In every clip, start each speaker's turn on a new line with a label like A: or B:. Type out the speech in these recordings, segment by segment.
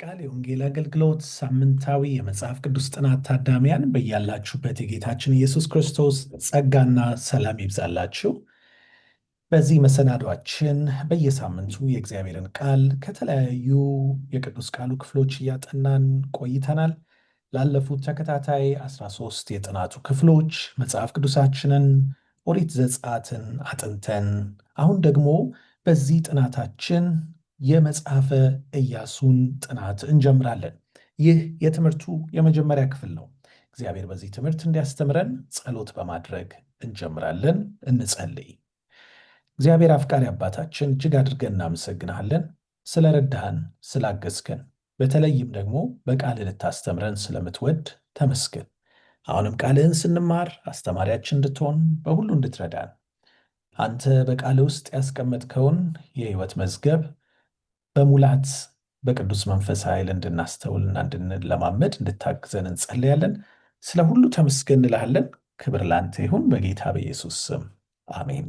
A: ቃል የወንጌል አገልግሎት ሳምንታዊ የመጽሐፍ ቅዱስ ጥናት ታዳሚያን በያላችሁበት የጌታችን ኢየሱስ ክርስቶስ ጸጋና ሰላም ይብዛላችሁ። በዚህ መሰናዷችን በየሳምንቱ የእግዚአብሔርን ቃል ከተለያዩ የቅዱስ ቃሉ ክፍሎች እያጠናን ቆይተናል። ላለፉት ተከታታይ 13 የጥናቱ ክፍሎች መጽሐፍ ቅዱሳችንን ኦሪት ዘጸአትን አጥንተን አሁን ደግሞ በዚህ ጥናታችን የመጽሐፈ ኢያሱን ጥናት እንጀምራለን። ይህ የትምህርቱ የመጀመሪያ ክፍል ነው። እግዚአብሔር በዚህ ትምህርት እንዲያስተምረን ጸሎት በማድረግ እንጀምራለን። እንጸልይ። እግዚአብሔር አፍቃሪ አባታችን እጅግ አድርገን እናመሰግናለን ስለረዳህን፣ ስላገዝከን፣ በተለይም ደግሞ በቃል ልታስተምረን ስለምትወድ ተመስገን። አሁንም ቃልህን ስንማር አስተማሪያችን እንድትሆን በሁሉ እንድትረዳን አንተ በቃል ውስጥ ያስቀመጥከውን የሕይወት መዝገብ በሙላት በቅዱስ መንፈስ ኃይል እንድናስተውልና እንድንለማመድ እንድታግዘን እንጸልያለን። ስለ ሁሉ ተመስገን እንልሃለን። ክብር ላንተ ይሁን በጌታ በኢየሱስ ስም አሜን።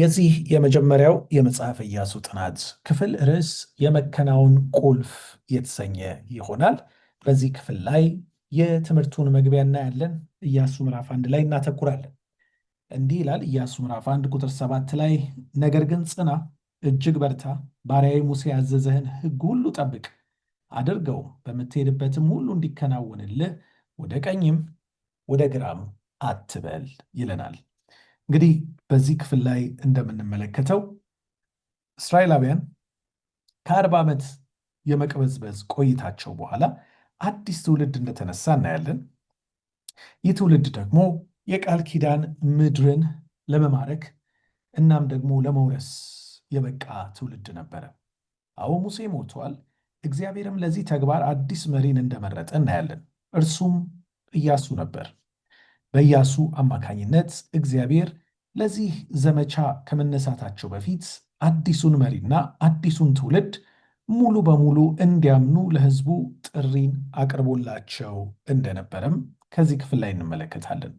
A: የዚህ የመጀመሪያው የመጽሐፍ ኢያሱ ጥናት ክፍል ርዕስ የመከናወን ቁልፍ የተሰኘ ይሆናል። በዚህ ክፍል ላይ የትምህርቱን መግቢያ እናያለን። ኢያሱ ምዕራፍ አንድ ላይ እናተኩራለን። እንዲህ ይላል ኢያሱ ምዕራፍ አንድ ቁጥር ሰባት ላይ ነገር ግን ጽና እጅግ በርታ፣ ባሪያዊ ሙሴ ያዘዘህን ሕግ ሁሉ ጠብቅ አድርገው፣ በምትሄድበትም ሁሉ እንዲከናወንልህ ወደ ቀኝም ወደ ግራም አትበል ይለናል። እንግዲህ በዚህ ክፍል ላይ እንደምንመለከተው እስራኤላውያን ከአርባ ዓመት የመቅበዝበዝ ቆይታቸው በኋላ አዲስ ትውልድ እንደተነሳ እናያለን። ይህ ትውልድ ደግሞ የቃል ኪዳን ምድርን ለመማረክ እናም ደግሞ ለመውረስ የበቃ ትውልድ ነበረ። አዎ ሙሴ ሞቷል። እግዚአብሔርም ለዚህ ተግባር አዲስ መሪን እንደመረጠ እናያለን። እርሱም እያሱ ነበር። በእያሱ አማካኝነት እግዚአብሔር ለዚህ ዘመቻ ከመነሳታቸው በፊት አዲሱን መሪና አዲሱን ትውልድ ሙሉ በሙሉ እንዲያምኑ ለሕዝቡ ጥሪን አቅርቦላቸው እንደነበረም ከዚህ ክፍል ላይ እንመለከታለን።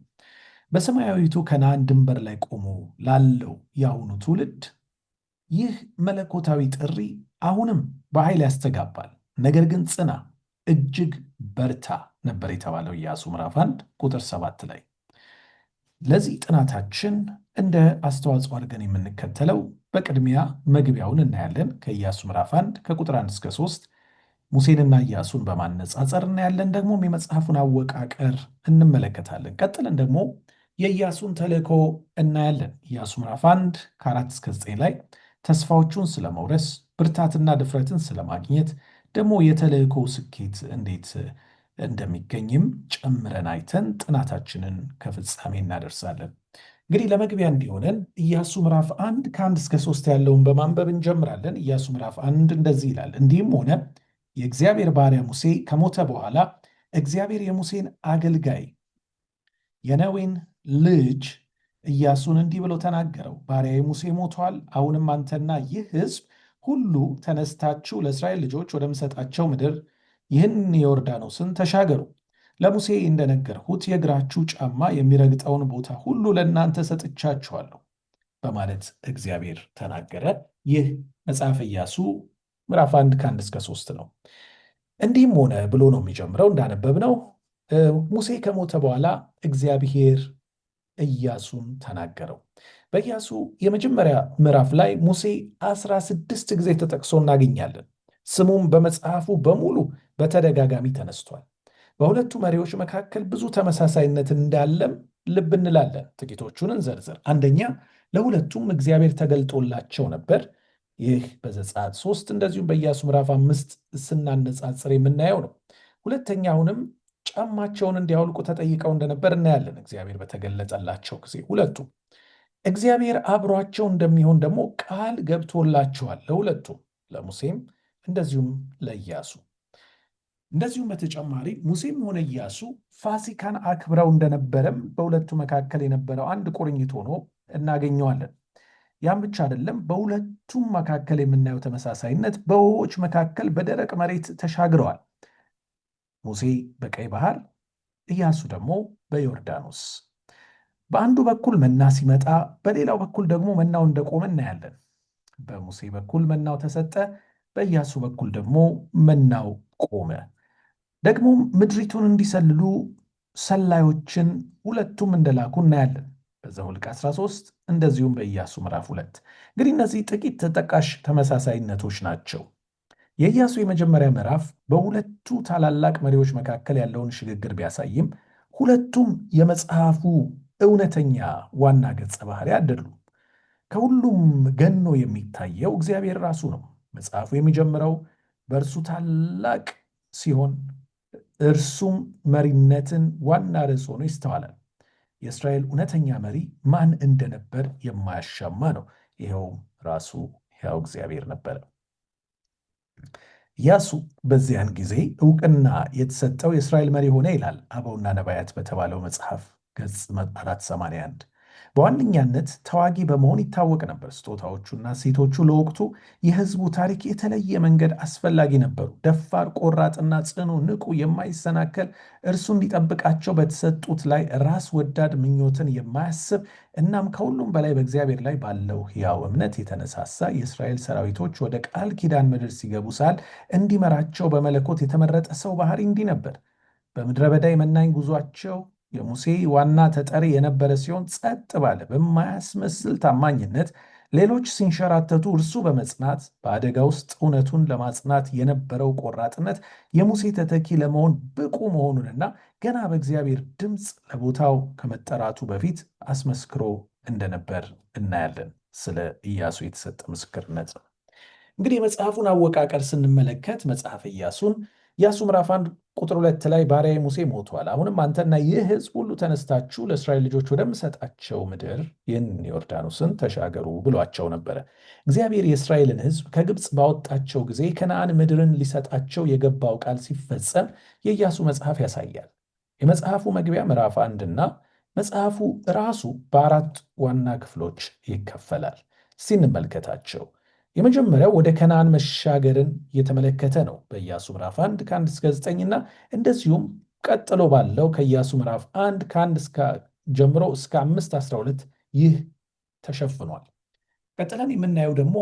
A: በሰማያዊቱ ከነዓን ድንበር ላይ ቆሞ ላለው የአሁኑ ትውልድ ይህ መለኮታዊ ጥሪ አሁንም በኃይል ያስተጋባል። ነገር ግን ጽና፣ እጅግ በርታ ነበር የተባለው ኢያሱ ምዕራፍ 1 ቁጥር 7 ላይ። ለዚህ ጥናታችን እንደ አስተዋጽኦ አድርገን የምንከተለው በቅድሚያ መግቢያውን እናያለን። ከኢያሱ ምዕራፍ 1 ከቁጥር 1 እስከ 3 ሙሴንና ኢያሱን በማነጻጸር እናያለን። ደግሞ የመጽሐፉን አወቃቀር እንመለከታለን። ቀጥለን ደግሞ የኢያሱን ተልእኮ እናያለን። ኢያሱ ምዕራፍ 1 ከ4 እስከ 9 ላይ ተስፋዎቹን ስለመውረስ፣ ብርታትና ድፍረትን ስለማግኘት ደግሞ የተልዕኮ ስኬት እንዴት እንደሚገኝም ጨምረን አይተን ጥናታችንን ከፍጻሜ እናደርሳለን። እንግዲህ ለመግቢያ እንዲሆነን ኢያሱ ምዕራፍ አንድ ከአንድ እስከ ሶስት ያለውን በማንበብ እንጀምራለን። ኢያሱ ምዕራፍ አንድ እንደዚህ ይላል። እንዲህም ሆነ የእግዚአብሔር ባሪያ ሙሴ ከሞተ በኋላ እግዚአብሔር የሙሴን አገልጋይ የነዌን ልጅ ኢያሱን እንዲህ ብሎ ተናገረው፣ ባሪያዬ ሙሴ ሞቷል። አሁንም አንተና ይህ ሕዝብ ሁሉ ተነስታችሁ ለእስራኤል ልጆች ወደምሰጣቸው ምድር ይህን የዮርዳኖስን ተሻገሩ። ለሙሴ እንደነገርሁት የእግራችሁ ጫማ የሚረግጠውን ቦታ ሁሉ ለእናንተ ሰጥቻችኋለሁ በማለት እግዚአብሔር ተናገረ። ይህ መጽሐፍ ኢያሱ ምዕራፍ አንድ ከአንድ እስከ ሶስት ነው። እንዲህም ሆነ ብሎ ነው የሚጀምረው። እንዳነበብነው ሙሴ ከሞተ በኋላ እግዚአብሔር ኢያሱን ተናገረው። በኢያሱ የመጀመሪያ ምዕራፍ ላይ ሙሴ አስራ ስድስት ጊዜ ተጠቅሶ እናገኛለን። ስሙም በመጽሐፉ በሙሉ በተደጋጋሚ ተነስቷል። በሁለቱ መሪዎች መካከል ብዙ ተመሳሳይነት እንዳለም ልብ እንላለን። ጥቂቶቹን እንዘርዝር። አንደኛ ለሁለቱም እግዚአብሔር ተገልጦላቸው ነበር። ይህ በዘጸአት ሶስት እንደዚሁም በኢያሱ ምዕራፍ አምስት ስናነጻጽር የምናየው ነው። አሁንም ጫማቸውን እንዲያውልቁ ተጠይቀው እንደነበር እናያለን። እግዚአብሔር በተገለጠላቸው ጊዜ ሁለቱ እግዚአብሔር አብሯቸው እንደሚሆን ደግሞ ቃል ገብቶላቸዋል። ለሁለቱ ለሙሴም እንደዚሁም ለኢያሱ። እንደዚሁም በተጨማሪ ሙሴም ሆነ ኢያሱ ፋሲካን አክብረው እንደነበረም በሁለቱ መካከል የነበረው አንድ ቁርኝት ሆኖ እናገኘዋለን። ያም ብቻ አይደለም። በሁለቱም መካከል የምናየው ተመሳሳይነት በውኆች መካከል በደረቅ መሬት ተሻግረዋል። ሙሴ በቀይ ባህር፣ ኢያሱ ደግሞ በዮርዳኖስ። በአንዱ በኩል መና ሲመጣ፣ በሌላው በኩል ደግሞ መናው እንደቆመ እናያለን። በሙሴ በኩል መናው ተሰጠ፣ በኢያሱ በኩል ደግሞ መናው ቆመ። ደግሞ ምድሪቱን እንዲሰልሉ ሰላዮችን ሁለቱም እንደላኩ እናያለን በዘኍልቍ 13 እንደዚሁም በኢያሱ ምዕራፍ ሁለት። እንግዲህ እነዚህ ጥቂት ተጠቃሽ ተመሳሳይነቶች ናቸው። የኢያሱ የመጀመሪያ ምዕራፍ በሁለቱ ታላላቅ መሪዎች መካከል ያለውን ሽግግር ቢያሳይም ሁለቱም የመጽሐፉ እውነተኛ ዋና ገጸ ባህሪ አይደሉ። ከሁሉም ገኖ የሚታየው እግዚአብሔር ራሱ ነው። መጽሐፉ የሚጀምረው በእርሱ ታላቅ ሲሆን እርሱም መሪነትን ዋና ርዕስ ሆኖ ይስተዋላል። የእስራኤል እውነተኛ መሪ ማን እንደነበር የማያሻማ ነው። ይኸውም ራሱ ያው እግዚአብሔር ነበረ። ያሱ በዚያን ጊዜ እውቅና የተሰጠው የእስራኤል መሪ ሆነ ይላል አበውና ነባያት በተባለው መጽሐፍ ገጽ 481 በዋነኛነት ተዋጊ በመሆን ይታወቅ ነበር። ስጦታዎቹና ሴቶቹ ለወቅቱ የህዝቡ ታሪክ የተለየ መንገድ አስፈላጊ ነበሩ። ደፋር፣ ቆራጥና ጽኑ፣ ንቁ፣ የማይሰናከል እርሱ እንዲጠብቃቸው በተሰጡት ላይ ራስ ወዳድ፣ ምኞትን የማያስብ እናም ከሁሉም በላይ በእግዚአብሔር ላይ ባለው ሕያው እምነት የተነሳሳ የእስራኤል ሰራዊቶች ወደ ቃል ኪዳን ምድር ሲገቡ ሳል እንዲመራቸው በመለኮት የተመረጠ ሰው ባህሪ እንዲህ ነበር። በምድረ በዳ የመናኝ ጉዟቸው የሙሴ ዋና ተጠሪ የነበረ ሲሆን ጸጥ ባለ በማያስመስል ታማኝነት ሌሎች ሲንሸራተቱ እርሱ በመጽናት በአደጋ ውስጥ እውነቱን ለማጽናት የነበረው ቆራጥነት የሙሴ ተተኪ ለመሆን ብቁ መሆኑንና ገና በእግዚአብሔር ድምፅ ለቦታው ከመጠራቱ በፊት አስመስክሮ እንደነበር እናያለን። ስለ ኢያሱ የተሰጠ ምስክርነት እንግዲህ የመጽሐፉን አወቃቀር ስንመለከት መጽሐፍ ኢያሱን ኢያሱ ምዕራፍ አንድ ቁጥር ሁለት ላይ ባሪያዬ ሙሴ ሞቷል፣ አሁንም አንተና ይህ ሕዝብ ሁሉ ተነስታችሁ ለእስራኤል ልጆች ወደምሰጣቸው ምድር ይህን ዮርዳኖስን ተሻገሩ ብሏቸው ነበረ። እግዚአብሔር የእስራኤልን ሕዝብ ከግብፅ ባወጣቸው ጊዜ ከነአን ምድርን ሊሰጣቸው የገባው ቃል ሲፈጸም የኢያሱ መጽሐፍ ያሳያል። የመጽሐፉ መግቢያ ምዕራፍ አንድና መጽሐፉ ራሱ በአራት ዋና ክፍሎች ይከፈላል። እስቲ እንመልከታቸው። የመጀመሪያው ወደ ከነዓን መሻገርን እየተመለከተ ነው በኢያሱ ምዕራፍ 1 ከ1 እስከ 9 እና እንደዚሁም ቀጥሎ ባለው ከኢያሱ ምዕራፍ 1 ከ1 ጀምሮ እስከ 5 12 ይህ ተሸፍኗል። ቀጥለን የምናየው ደግሞ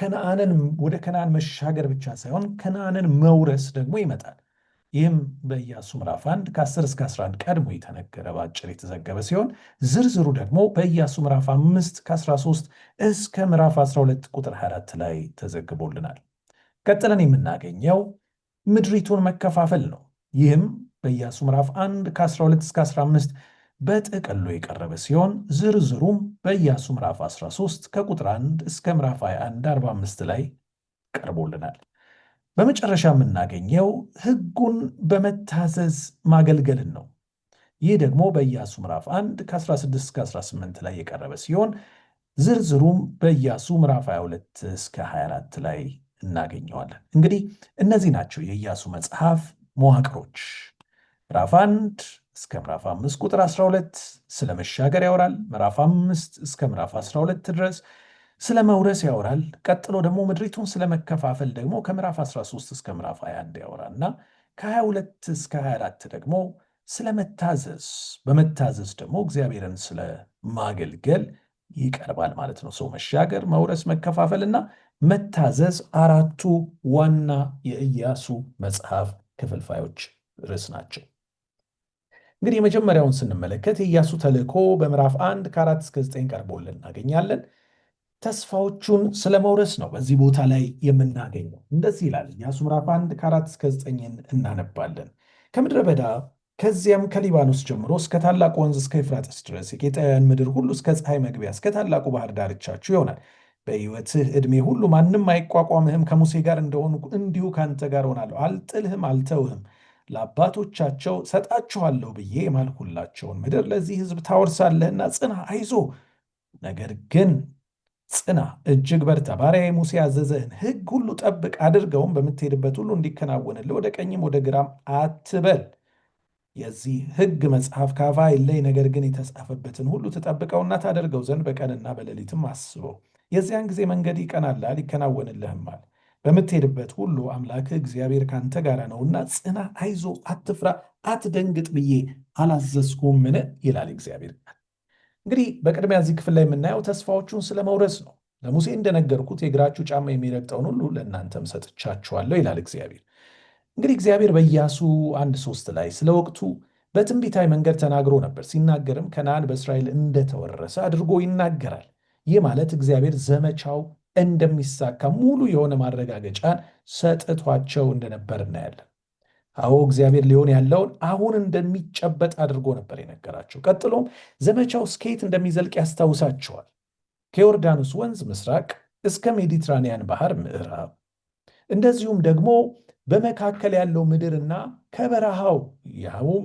A: ከነዓንን ወደ ከነዓን መሻገር ብቻ ሳይሆን ከነዓንን መውረስ ደግሞ ይመጣል። ይህም በኢያሱ ምዕራፍ 1 ከ10 እስከ 11 ቀድሞ የተነገረ በአጭር የተዘገበ ሲሆን ዝርዝሩ ደግሞ በኢያሱ ምዕራፍ 5 ከ13 እስከ ምዕራፍ 12 ቁጥር 24 ላይ ተዘግቦልናል። ቀጥለን የምናገኘው ምድሪቱን መከፋፈል ነው። ይህም በኢያሱ ምዕራፍ 1 ከ12 እስከ 15 በጥቅሉ የቀረበ ሲሆን ዝርዝሩም በኢያሱ ምዕራፍ 13 ከቁጥር 1 እስከ ምዕራፍ 21 45 ላይ ቀርቦልናል። በመጨረሻ የምናገኘው ሕጉን በመታዘዝ ማገልገልን ነው። ይህ ደግሞ በኢያሱ ምዕራፍ 1 ከ16 18 ላይ የቀረበ ሲሆን ዝርዝሩም በኢያሱ ምዕራፍ 22 እስከ 24 ላይ እናገኘዋለን። እንግዲህ እነዚህ ናቸው የኢያሱ መጽሐፍ መዋቅሮች። ምዕራፍ 1 እስከ ምዕራፍ 5 ቁጥር 12 ስለ መሻገር ያወራል። ምዕራፍ 5 እስከ ምዕራፍ 12 ድረስ ስለ መውረስ ያወራል። ቀጥሎ ደግሞ ምድሪቱን ስለመከፋፈል ደግሞ ከምዕራፍ 13 እስከ ምዕራፍ 21 እና ከ22 እስከ 24 ደግሞ ስለ መታዘዝ፣ በመታዘዝ ደግሞ እግዚአብሔርን ስለ ማገልገል ይቀርባል ማለት ነው። ሰው መሻገር፣ መውረስ፣ መከፋፈል እና መታዘዝ አራቱ ዋና የኢያሱ መጽሐፍ ክፍልፋዮች ርዕስ ናቸው። እንግዲህ የመጀመሪያውን ስንመለከት የኢያሱ ተልእኮ በምዕራፍ 1 ከ4 እስከ 9 ቀርቦልን እናገኛለን። ተስፋዎቹን ስለ መውረስ ነው በዚህ ቦታ ላይ የምናገኘው። እንደዚህ ይላል ኢያሱ ምዕራፍ አንድ ከአራት እስከ ዘጠኝን እናነባለን። ከምድረ በዳ ከዚያም ከሊባኖስ ጀምሮ እስከ ታላቁ ወንዝ እስከ ኤፍራጥስ ድረስ የኬጣውያን ምድር ሁሉ እስከ ፀሐይ መግቢያ እስከ ታላቁ ባህር ዳርቻችሁ ይሆናል። በሕይወትህ ዕድሜ ሁሉ ማንም አይቋቋምህም። ከሙሴ ጋር እንደሆኑ እንዲሁ ከአንተ ጋር ሆናለሁ። አልጥልህም፣ አልተውህም። ለአባቶቻቸው ሰጣችኋለሁ ብዬ የማልሁላቸውን ምድር ለዚህ ሕዝብ ታወርሳለህና ጽና፣ አይዞ ነገር ግን ጽና፣ እጅግ በርታ፣ ባሪያዬ ሙሴ ያዘዘህን ሕግ ሁሉ ጠብቅ፣ አድርገውም በምትሄድበት ሁሉ እንዲከናወንልህ፣ ወደ ቀኝም ወደ ግራም አትበል። የዚህ ሕግ መጽሐፍ ካፋ አይለይ፣ ነገር ግን የተጻፈበትን ሁሉ ትጠብቀውና ታደርገው ዘንድ በቀንና በሌሊትም አስበው። የዚያን ጊዜ መንገድ ይቀናላል፣ ይከናወንልህማል። በምትሄድበት ሁሉ አምላክህ እግዚአብሔር ካንተ ጋር ነውና ጽና፣ አይዞ፣ አትፍራ፣ አትደንግጥ ብዬ አላዘዝኩምን? ይላል እግዚአብሔር። እንግዲህ በቅድሚያ እዚህ ክፍል ላይ የምናየው ተስፋዎቹን ስለ መውረስ ነው። ለሙሴ እንደነገርኩት የእግራችሁ ጫማ የሚረግጠውን ሁሉ ለእናንተም ሰጥቻችኋለሁ ይላል እግዚአብሔር። እንግዲህ እግዚአብሔር በኢያሱ አንድ ሶስት ላይ ስለ ወቅቱ በትንቢታዊ መንገድ ተናግሮ ነበር። ሲናገርም ከነአን በእስራኤል እንደተወረሰ አድርጎ ይናገራል። ይህ ማለት እግዚአብሔር ዘመቻው እንደሚሳካ ሙሉ የሆነ ማረጋገጫን ሰጥቷቸው እንደነበር እናያለን። አዎ እግዚአብሔር ሊሆን ያለውን አሁን እንደሚጨበጥ አድርጎ ነበር የነገራቸው። ቀጥሎም ዘመቻው እስከየት እንደሚዘልቅ ያስታውሳቸዋል። ከዮርዳኖስ ወንዝ ምስራቅ እስከ ሜዲትራንያን ባህር ምዕራብ፣ እንደዚሁም ደግሞ በመካከል ያለው ምድርና ከበረሃው ያውም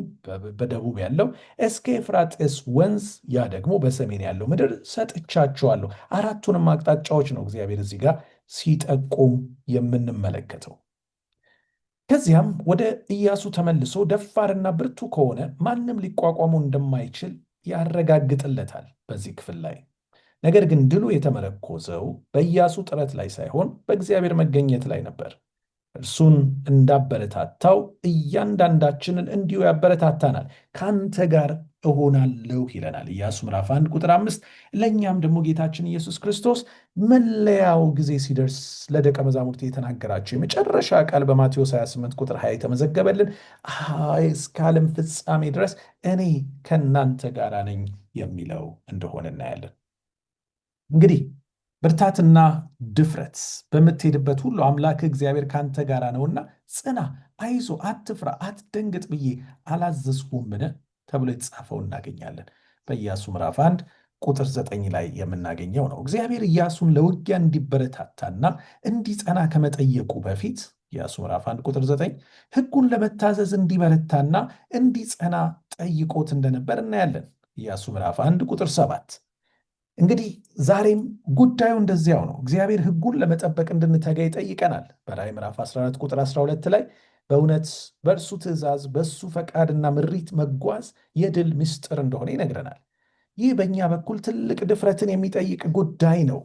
A: በደቡብ ያለው እስከ ኤፍራጤስ ወንዝ ያ ደግሞ በሰሜን ያለው ምድር ሰጥቻቸዋለሁ። አራቱንም አቅጣጫዎች ነው እግዚአብሔር እዚህ ጋር ሲጠቁም የምንመለከተው። ከዚያም ወደ ኢያሱ ተመልሶ ደፋርና ብርቱ ከሆነ ማንም ሊቋቋመው እንደማይችል ያረጋግጥለታል። በዚህ ክፍል ላይ ነገር ግን ድሉ የተመረኮዘው በኢያሱ ጥረት ላይ ሳይሆን በእግዚአብሔር መገኘት ላይ ነበር። እርሱን እንዳበረታታው እያንዳንዳችንን እንዲሁ ያበረታታናል። ከአንተ ጋር እሆናለሁ ይለናል ኢያሱ ምዕራፍ 1 ቁጥር አምስት ለእኛም ደግሞ ጌታችን ኢየሱስ ክርስቶስ መለያው ጊዜ ሲደርስ ለደቀ መዛሙርት የተናገራቸው የመጨረሻ ቃል በማቴዎስ 28 ቁጥር 20 የተመዘገበልን እስከ ዓለም ፍጻሜ ድረስ እኔ ከእናንተ ጋር ነኝ የሚለው እንደሆነ እናያለን። እንግዲህ ብርታትና ድፍረት በምትሄድበት ሁሉ አምላክ እግዚአብሔር ከአንተ ጋር ነውና ጽና፣ አይዞ፣ አትፍራ፣ አትደንግጥ ብዬ አላዘዝሁምን? ተብሎ የተጻፈው እናገኛለን። በኢያሱ ምዕራፍ አንድ ቁጥር ዘጠኝ ላይ የምናገኘው ነው። እግዚአብሔር ኢያሱን ለውጊያ እንዲበረታታና እንዲጸና ከመጠየቁ በፊት ኢያሱ ምዕራፍ አንድ ቁጥር ዘጠኝ ሕጉን ለመታዘዝ እንዲበረታና እንዲጸና ጠይቆት እንደነበር እናያለን። ኢያሱ ምዕራፍ አንድ ቁጥር ሰባት እንግዲህ ዛሬም ጉዳዩ እንደዚያው ነው። እግዚአብሔር ሕጉን ለመጠበቅ እንድንተጋ ይጠይቀናል። በራዕይ ምዕራፍ 14 ቁጥር 12 ላይ በእውነት በእርሱ ትእዛዝ በእሱ ፈቃድና ምሪት መጓዝ የድል ምስጢር እንደሆነ ይነግረናል። ይህ በእኛ በኩል ትልቅ ድፍረትን የሚጠይቅ ጉዳይ ነው።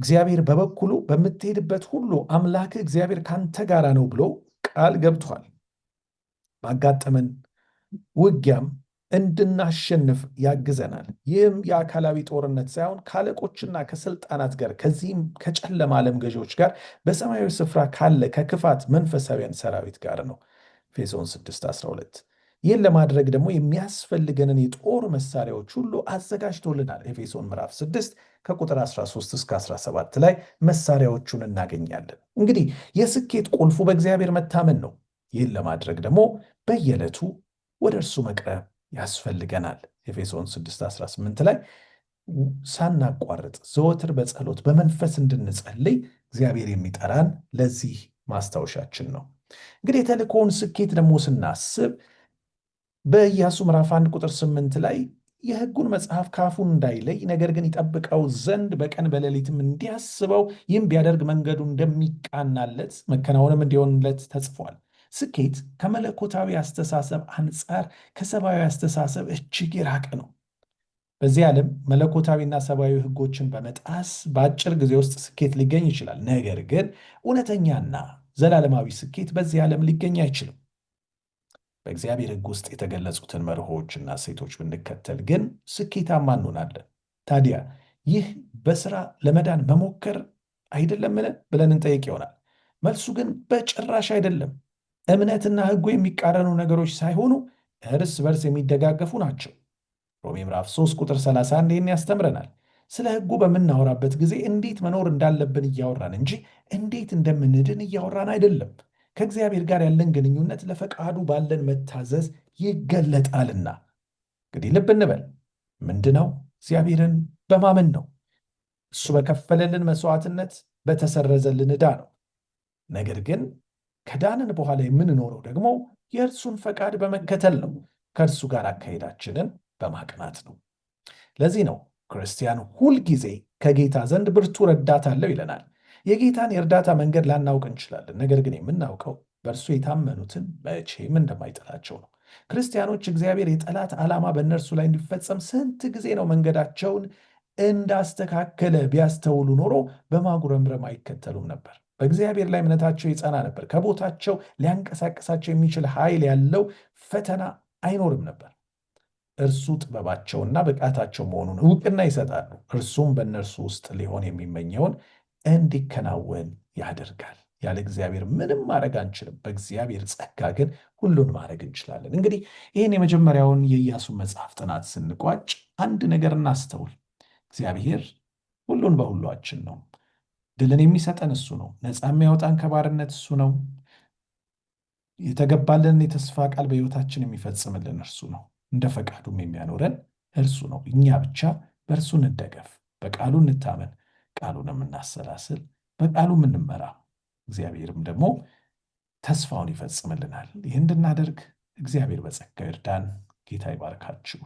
A: እግዚአብሔር በበኩሉ በምትሄድበት ሁሉ አምላክህ እግዚአብሔር ካንተ ጋራ ነው ብሎ ቃል ገብቷል። ባጋጠመን ውጊያም እንድናሸንፍ ያግዘናል። ይህም የአካላዊ ጦርነት ሳይሆን ከአለቆችና ከስልጣናት ጋር ከዚህም ከጨለማ ዓለም ገዢዎች ጋር በሰማያዊ ስፍራ ካለ ከክፋት መንፈሳዊያን ሰራዊት ጋር ነው። ኤፌሶን 6:12 ይህን ለማድረግ ደግሞ የሚያስፈልገንን የጦር መሳሪያዎች ሁሉ አዘጋጅቶልናል። ኤፌሶን ምዕራፍ 6 ከቁጥር 13 እስከ 17 ላይ መሳሪያዎቹን እናገኛለን። እንግዲህ የስኬት ቁልፉ በእግዚአብሔር መታመን ነው። ይህን ለማድረግ ደግሞ በየዕለቱ ወደ እርሱ መቅረብ ያስፈልገናል። ኤፌሶን 6:18 ላይ ሳናቋርጥ ዘወትር በጸሎት በመንፈስ እንድንጸልይ እግዚአብሔር የሚጠራን ለዚህ ማስታወሻችን ነው። እንግዲህ የተልእኮውን ስኬት ደግሞ ስናስብ በኢያሱ ምዕራፍ 1 ቁጥር 8 ላይ የሕጉን መጽሐፍ ካፉ እንዳይለይ ነገር ግን ይጠብቀው ዘንድ በቀን በሌሊትም እንዲያስበው ይህም ቢያደርግ መንገዱ እንደሚቃናለት መከናወንም እንዲሆንለት ተጽፏል። ስኬት ከመለኮታዊ አስተሳሰብ አንጻር ከሰብአዊ አስተሳሰብ እጅግ የራቀ ነው። በዚህ ዓለም መለኮታዊና ሰብአዊ ሕጎችን በመጣስ በአጭር ጊዜ ውስጥ ስኬት ሊገኝ ይችላል። ነገር ግን እውነተኛና ዘላለማዊ ስኬት በዚህ ዓለም ሊገኝ አይችልም። በእግዚአብሔር ሕግ ውስጥ የተገለጹትን መርሆዎችና ሴቶች ብንከተል ግን ስኬታማ እንሆናለን። ታዲያ ይህ በስራ ለመዳን መሞከር አይደለምን ብለን እንጠይቅ ይሆናል። መልሱ ግን በጭራሽ አይደለም። እምነትና ሕጉ የሚቃረኑ ነገሮች ሳይሆኑ እርስ በርስ የሚደጋገፉ ናቸው። ሮሜ ምዕራፍ 3 ቁጥር 31 ይህን ያስተምረናል። ስለ ሕጉ በምናወራበት ጊዜ እንዴት መኖር እንዳለብን እያወራን እንጂ እንዴት እንደምንድን እያወራን አይደለም። ከእግዚአብሔር ጋር ያለን ግንኙነት ለፈቃዱ ባለን መታዘዝ ይገለጣልና። እንግዲህ ልብ እንበል። ምንድነው? እግዚአብሔርን በማመን ነው። እሱ በከፈለልን መስዋዕትነት፣ በተሰረዘልን ዕዳ ነው። ነገር ግን ከዳንን በኋላ የምንኖረው ደግሞ የእርሱን ፈቃድ በመከተል ነው። ከእርሱ ጋር አካሄዳችንን በማቅናት ነው። ለዚህ ነው ክርስቲያን ሁልጊዜ ከጌታ ዘንድ ብርቱ ረዳት አለው ይለናል። የጌታን የእርዳታ መንገድ ላናውቅ እንችላለን። ነገር ግን የምናውቀው በእርሱ የታመኑትን መቼም እንደማይጠላቸው ነው። ክርስቲያኖች እግዚአብሔር የጠላት ዓላማ በእነርሱ ላይ እንዲፈጸም ስንት ጊዜ ነው መንገዳቸውን እንዳስተካከለ ቢያስተውሉ ኖሮ በማጉረምረም አይከተሉም ነበር። በእግዚአብሔር ላይ እምነታቸው ይጸና ነበር። ከቦታቸው ሊያንቀሳቀሳቸው የሚችል ኃይል ያለው ፈተና አይኖርም ነበር። እርሱ ጥበባቸውና ብቃታቸው መሆኑን እውቅና ይሰጣሉ። እርሱም በእነርሱ ውስጥ ሊሆን የሚመኘውን እንዲከናወን ያደርጋል። ያለ እግዚአብሔር ምንም ማድረግ አንችልም። በእግዚአብሔር ጸጋ ግን ሁሉን ማድረግ እንችላለን። እንግዲህ ይህን የመጀመሪያውን የእያሱ መጽሐፍ ጥናት ስንቋጭ አንድ ነገር እናስተውል። እግዚአብሔር ሁሉን በሁሏችን ነው። ድልን የሚሰጠን እሱ ነው። ነፃ የሚያወጣን ከባርነት እሱ ነው። የተገባልን የተስፋ ቃል በሕይወታችን የሚፈጽምልን እርሱ ነው። እንደ ፈቃዱም የሚያኖረን እርሱ ነው። እኛ ብቻ በእርሱ እንደገፍ፣ በቃሉ እንታመን፣ ቃሉን የምናሰላስል፣ በቃሉ የምንመራ እግዚአብሔርም ደግሞ ተስፋውን ይፈጽምልናል። ይህ እንድናደርግ እግዚአብሔር በጸጋ ይርዳን። ጌታ ይባርካችሁ።